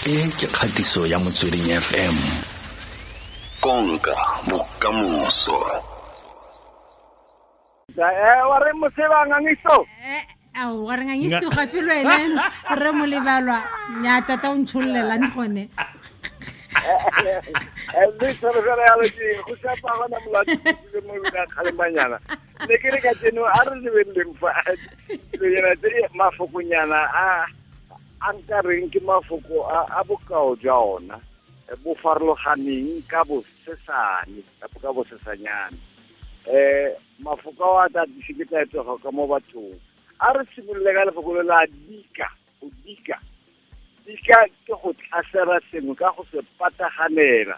e ke kgatiso ya motsweding fm konka bokamoso wa re mosebangangiso ao wa re ngangiso gape le wena eno re mo lebalwa nya tata o ntshololelang gone ne ke re ka tseno a re lebeleleng fa mafokonyana a ah. a nkareng ke mafoko a bokao jwa ona e bo farologaneng ka bosesane kapo ka bosesanyane um e, mafoko ao a tatise ke taetsega ka mo bathong a re simolole ka lefoko le la dika o dika dika ke go tlhasera sengwe ka go se pataganela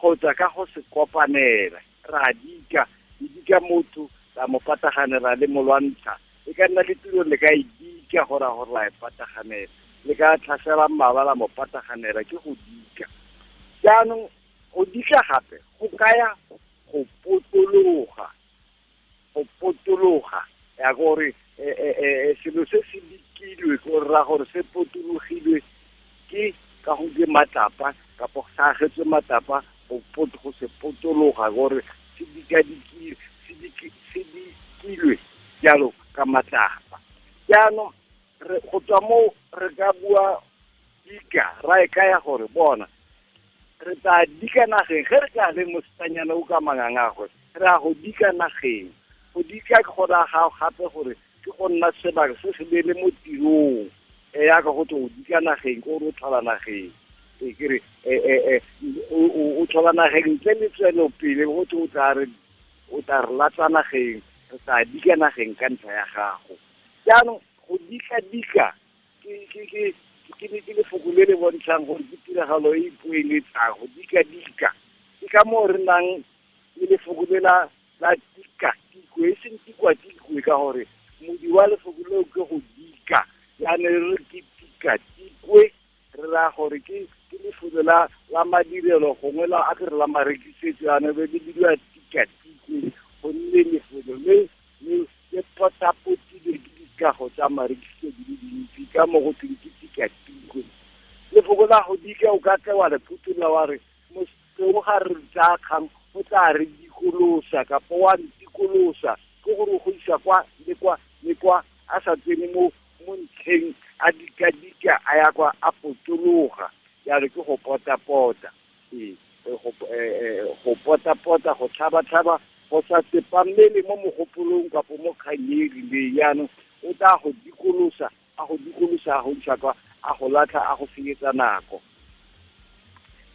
kgotsa ka go se kopanela ra dika e dika motho la mo pataganela le molwantsha e ka nna le tiro le ka e dika gore a gore la e pataganela le ka tlhasela mabala mo pataganela ke go dika jaanong go dika gape go kaya go potologa go potologa ya gore e, e, e, selo se se dikilwe ko ra gore se potologilwe ke ka go ke matlapa kapo sa agetswe matlapa go se potologa gore se dikadikilwe jalo ka matlapa jaanong go tswa mo re ka bua dika ra e kaya gore bona re tla dika nageng ge re ka le mosetanyana o ka mangangagwe a re a go dika nageng go dika go ra ga gape gore ke go nna sebaka se se beele mo tirong e ka go tlo go dika nageng ke re o tlhola nageng e kere e, e, e, o tlhola nageng ntle le tswelo pele go tswa o tla re o tla re latsa nageng re tla dika nageng ka ntlha ya gago jaanong go dika-dika ke ne ke lefoko le le bontshang gore ke tiragalo e ipoeletsang go dika-dika ke ka moo re nang le lefoko le la la dika-tiko e seng tikwa-tikwe ka gore modi wa lefoko leo ke go dika yaane re re ke dika-tikwe re raya gore ke lefoko la madirelo gongwe la a ke re la marekisetso yaane be le bidiwa dikago tsa marekiso di le dintsi ka mo go teng ke tikatiko lefoko la go o ka tsewa le phutolola wa re moseo ga re tsa kgang o tla re dikolosa kapo wa ntikolosa ke gore go isa kwa le kwa le kwa a sa tsene mo mo ntlheng a dikadika a ya kwa a potologa jalo ke go pota-pota ee, e, e, e, e go pota-pota go tlhaba-tlhaba go sa tsepamele mo mogopolong kapo mo kgang e jaanong feleletsa a go dikolosa a go dikolosa a go isa kwa a go latlha a go senyetsa nako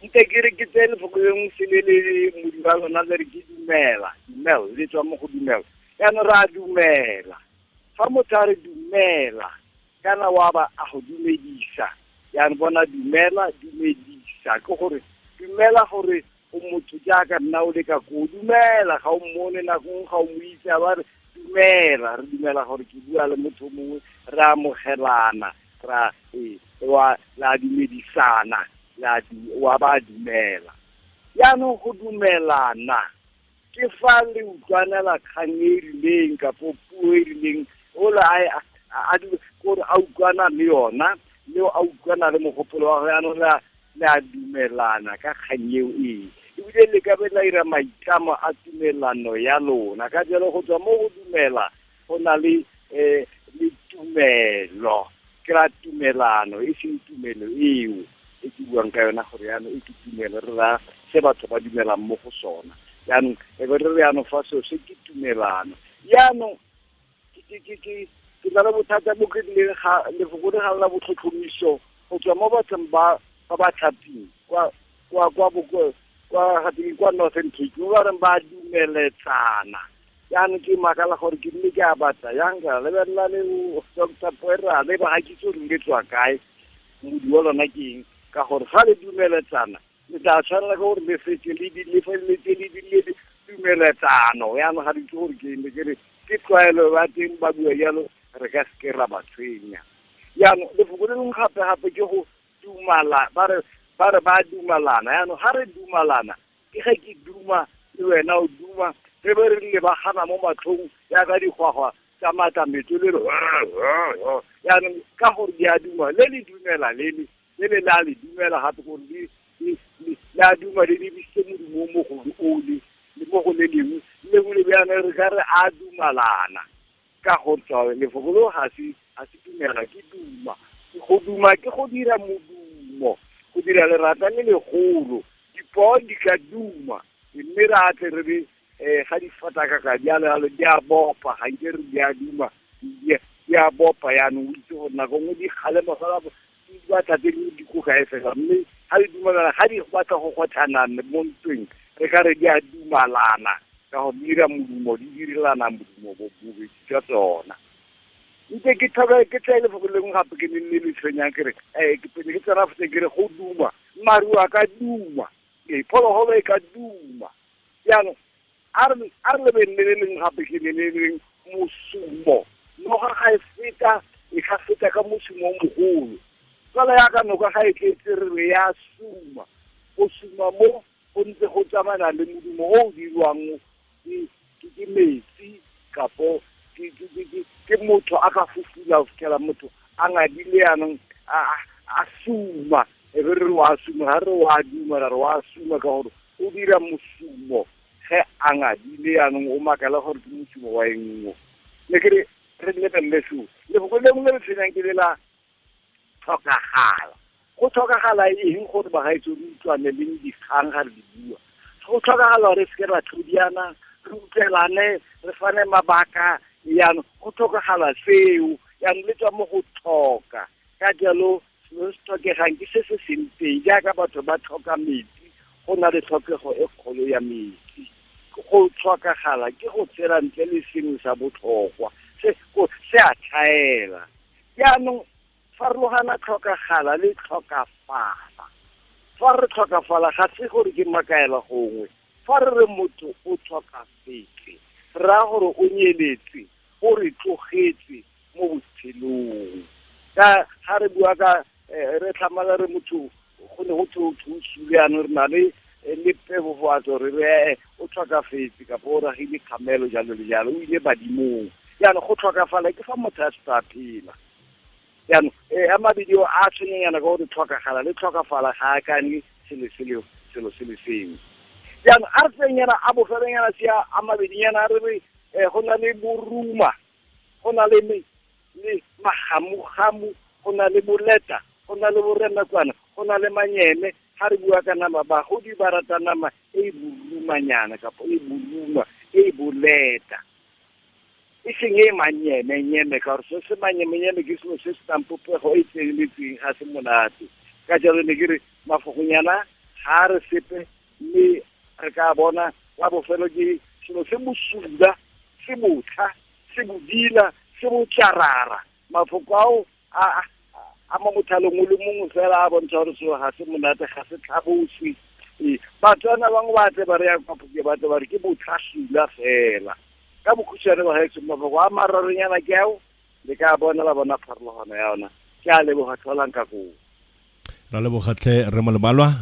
nte ke re ke tsene foko e nngwe sele le modiba lona le re ke dumela dumela le tswa mo go dumela yaanong re a dumela fa motho a re dumela kana wa ba a go dumedisa yaano bona dumela dumedisa ke gore dumela gore o motho jaaka nna o le ka ko dumela ga o mmone nakong ga o mo itse a ba re dumela re dumela gore ke bua le motho mongwe re amogelana ra e, wa la dumedisana la wa ba dumela yaanong go dumelana ke fa le utlwanela kgang e rileng kapo puo e rileng ole kore a utlwana le yona le a utlwana le mogopolo wa go yaanong le a dumelana ka kgang eo ee wile li kape la ira mai kama a tumela no yalou, na kajalou kou tlou mou kou tumela, kou nali li eh, tumelo, kera tumelano, e si tumelo i ou, e ti wankayon akore, e ti tumelo rla, se pa tlou pa tumela mou kousona, janou, e kou rle anou fasyo, se ki tumelano, janou, ki ki ki, ki la la vouta tlou mou, ki li fokou le ha la vouto kou miso, kou tlou mou voutan mba, pa pa tabi, kwa kwa mou kou, wa hatimi kwa no sen ki kwa ren ba ju mele tsana yan ki makala hor ki ni ka ba tsa yan ga le ber la ni u so ta poera le ba ki so ni tswa kai mu di wala na ki ka hor ha le ju mele tsana ni ta tsana le hor me se ki li di li fa le ti li di li di ju mele tsano yan ha di hor ki ni ke ni ki tswa le ba ti ba bua yalo re ka skera ba tswenya yan le fugo le ngapha hape ke ho tumala ba re ba re ba dumalana yaanong ga re dumalana ke ga ke duma le wena o duma re be re lebagana mo matlhong yaaka digwagwa tsa matlametso le re yaanong ka gore di a duma le le dumela lele le le le a le dumela gape gore le a duma le lebisitse modumo o mogolo o le le mo go le lengwe lengwe le bjana re ka re a dumalana ka gore tswa lefoko ga se dumela ke duma go duma ke go dira modimo dira lerata le legolo dipoo di ka duma mme re eh, a re e um ga di fataka ka dialojalo di a bopa ga nke re di a duma di a bopa yaanong o itse gore nako nngwe di kgalemogela di batla tse dingwe di e fela mme ga di dumelana ga di batla go kgotlhanane mo ntweng re ka re di a dumalana ka go dira modumo di dirilana modumo bobedi jwa tsona I te kitan la, kitan la fote le fote le yon hapeke ni li senyan kere, e, peni kitan la fote kere kou duma, marwa ka duma, e, polo kola e ka duma. Yan, arlemeni le yon hapeke ni le yon mousoumou, nou kakay feta, e kakay feta ka mousoumou mou kou. Kala yakan nou kakay keterwe ya soumou, mousoumou mou, kon te kou tjamanan le mou mou mou di lwa mou, ki di me iti, ka pou, ke motho a ka fofula ho fitlhela motho a ngadile yanong a suma e be re wa suma ga re wa duma ra re wa suma ka gore o dira mosumo ge a ngadile yanong o makala gore ke mosumo wa engwe le kere re lebelele seo lefoko lengwe le le tshwenyang ke le la tlhokagala go tlhokagala eng gore bagaetso re utlwane leng dikgang ga re di bua go tlhokagala gore se ke ra tlhodiana re utlwelane re fane mabaka yaanong go tlhokagala seo yaanong le tswa mo go tlhoka ka jalo selo se tlhokegang ke se se sentseng jaaka batho ba tlhoka metsi go na le tlhokego e kgolo ya metsi go tlhokagala ke go tsela ntle le sengwe sa botlhokwa se a tlhaela yaanong farologana tlhokagala le tlhokafala fa re tlhokafala ga se gore ke makaela gongwe fa re re motho o tlhokafetse ra gore o nyeletse o re tlogetse mo botshelong ka ha re bua ka eh, re tlhamala re motho go ne go thwe thusulwe yanong re na le eh, le pebofatso re re eh, o tlhokafetse kapa o ragile kgamelo jalo le jalo o ile badimong jaanong go tlhokafala ke fa motho a seta tsa phela jaanong a mabedi a tshwenyenyana ka gore tlhokagala le tlhokafala ga a kane selo selo sengwe jaanong a re tsenyana a bofelenyana sea a mabedinyana a re re eh, go na le boruma go na le me le magamogamo go na le boleta go na le borenakwana go na le manyene ga re bua ka nama bagodi ba rata nama e e burumanyana kapo e buruma e e boleta e seng e manyemenyeme ka gore se se manyemenyeme ke selo se se tang popego e tseneletseng ga se monate ka jalo ne ke re mafogonyana ga re sepe mme re ka bona wa bofelo ke selo se mosuda se botlha se bodila se botlarara mafoko ao a a mo mothalong o le mongwe fela a bontsha gore seo ga se monate ga se tlhaboswe ee batswana bangwe ba tle ba re ya kwa ke batla ba re ke botlhasula fela ka bokhutshwane ba gaetso mafoko a mararonyana ke ao le ka bona la bona pharologano ya yona ke a leboga tlholang ka koo ra lebogatlhe re molemalwa